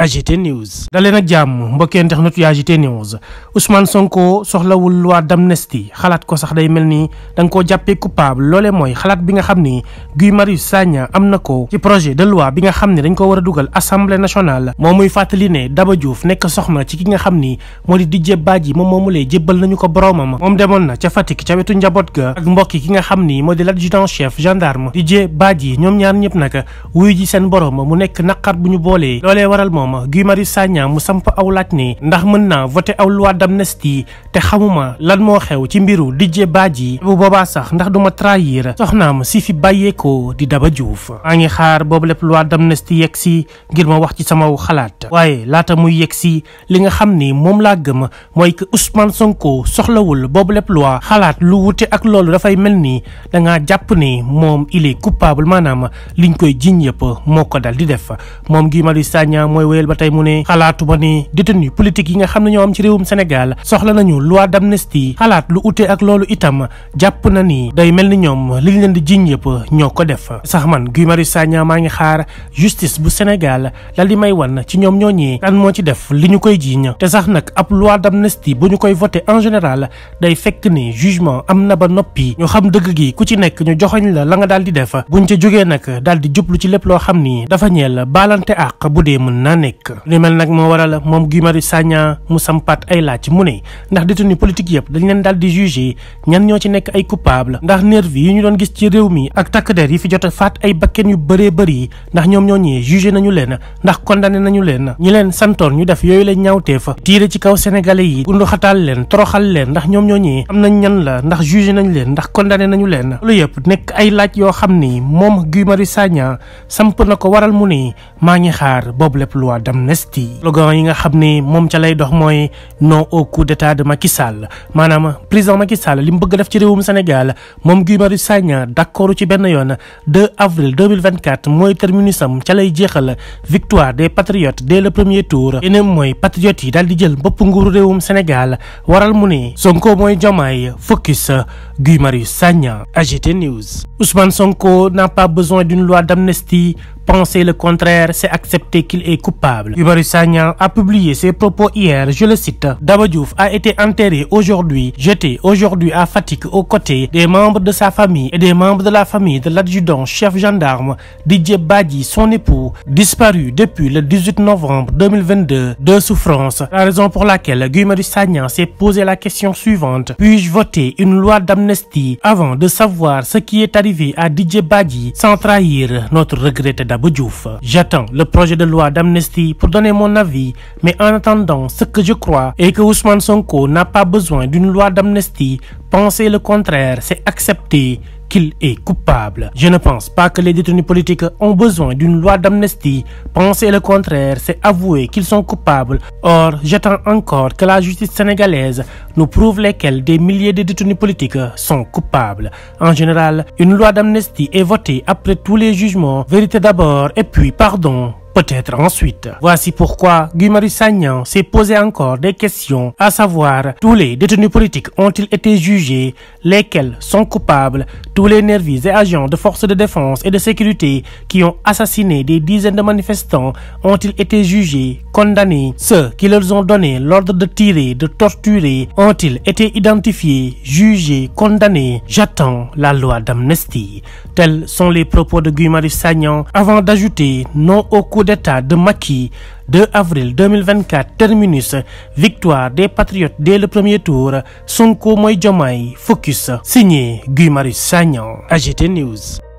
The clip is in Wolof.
AGT News dalee nag jàmm mbokkeen tax natu AGT News Ousmane Sonko soxlawul loi d'amnistie xalaat ko sax day mel ni da nga koo jàppee coupable loole mooy xalaat bi nga xam ni Guy Marius Sagna am na ko ci projet de loi bi nga xam ne dañ ko war a dugal assemblée nationale moo muy fàttali ne Daba Diouf nekk soxna ci ki nga xam ni moo di Didier Badji moom moomu lay ko boromam moom demoon na ca Fatick ca wetu njaboot ga ak mbokki ki nga xam ni moo di l'adjudant chef gendarme Didier Badji ñoom ñaar ñëpp moom Guy Marius Sagna mu samp aw laaj ne ndax mën naa voté aw loi d'amnistie te xamuma lan moo xew ci mbiru Didier Badji bu boobaa sax ndax duma trahir soxnaam si fi bàyyeekoo di Daba Diouf maa ngi xaar boobu lépp loi d'amnistie yegg si ngir ma wax ci sama xalaat waaye laata muy yegg si li nga xam ni moom laa gëm mooy que Ousmane Sonko soxlawul boobu lépp loi xalaat lu wute ak loolu dafay mel ni dangaa jàpp ne moom il est coupable liñ koy jiñ yëpp moo ko dal di Diourbel ba tey mu ne xalaatuma ni détenu politique yi nga xam ne ñoo am ci réewum Sénégal soxla nañu loi d'amnistie xalaat lu ute ak loolu itam jàpp na ni day mel ni ñoom liñ leen di jiñ yëpp ñoo ko def sax man Guy Marius Sagna maa ngi xaar justice bu Sénégal dal di may wan ci ñoom ñooñee lan moo ci def li ñu koy jiiñ te sax nag ab loi d'amnistie bu ñu koy voté en général day fekk ni jugement am na ba noppi ñu xam dëgg gi ku ci nekk ñu joxoñ la la nga daal di def buñ ca jógee nag nekk li mel nag moo waral moom Guy Marius Sagna mu sampaat ay laaj mu ne ndax détenu politique yëpp dañ leen daal di jugé ñan ñoo ci nekk ay coupable ndax a faat ay ñoom ñoo ñëwee nañu leen ndax condamné nañu leen ndax ñoom la nañu leen lu yëpp nekk ay laaj yoo xam ni moom Guy Marius Sagna samp na ko waral mu ne maa ngi xaar boobu lépp luwaan d'amnistie slogan yi nga xam ne moom ca lay dox mooy non au coup d'état de Macky maanaam président Macky li mu bëgg def ci réewum Sénégal moom Guy Marius Sagna d'accord ci benn yoon 2 avril 2024 mooy terminusam ca lay jeexal victoire des patriotes dès le premier tour yeneen mooy patriotes yi daal di jël bopp nguuru réewum Sénégal waral mu ne Sonko mooy Diomaye focus Guy Marius Sagna AGT News Ousmane Sonko n'a pas besoin d'une loi d'amnistie Penser le contraire, c'est accepter qu'il est coupable. Ibary Sagna a publié ses propos hier, je le cite. Daba a été enterré aujourd'hui, jeté aujourd'hui à Fatick aux côtés des membres de sa famille et des membres de la famille de l'adjudant chef gendarme Didier Badji, son époux, disparu depuis le novembre de souffrance. La raison pour laquelle Guy Sagna s'est posé la question suivante. Puis-je voter une loi d'amnistie avant de savoir ce qui est Daba Diouf. J'attends le projet de loi d'amnistie pour donner mon avis, mais en attendant, ce que je crois est que Ousmane Sonko n'a pas besoin d'une loi d'amnistie Penser le contraire, c'est accepter qu'il est coupable. Je ne pense pas que les détenus politiques ont besoin d'une loi d'amnistie. Penser le contraire, c'est avouer qu'ils sont coupables. Or, j'attends encore que la justice sénégalaise nous prouve lesquels des milliers de détenus politiques sont coupables. En général, une loi d'amnistie est votée après tous les jugements. Vérité d'abord et puis pardon. peut-être ensuite. Voici pourquoi Guy Marius Sagna s'est posé encore des questions, à savoir tous les détenus politiques ont-ils été jugés, lesquels sont coupables, tous les nervis et agents de forces de défense et de sécurité qui ont assassiné des dizaines de manifestants ont-ils été jugés, condamnés, ceux qui leur ont donné l'ordre de tirer, de torturer, ont-ils été identifiés, jugés, condamnés? J'attends la loi d'amnistie. Tels sont les propos de Guy Marius Sagna avant d'ajouter non au coup d'État de Macky 2 avril 2024 terminus victoire des patriotes dès le premier tour Sonko mooy Diomaye focus signé Guy Marius Sagnan AGT News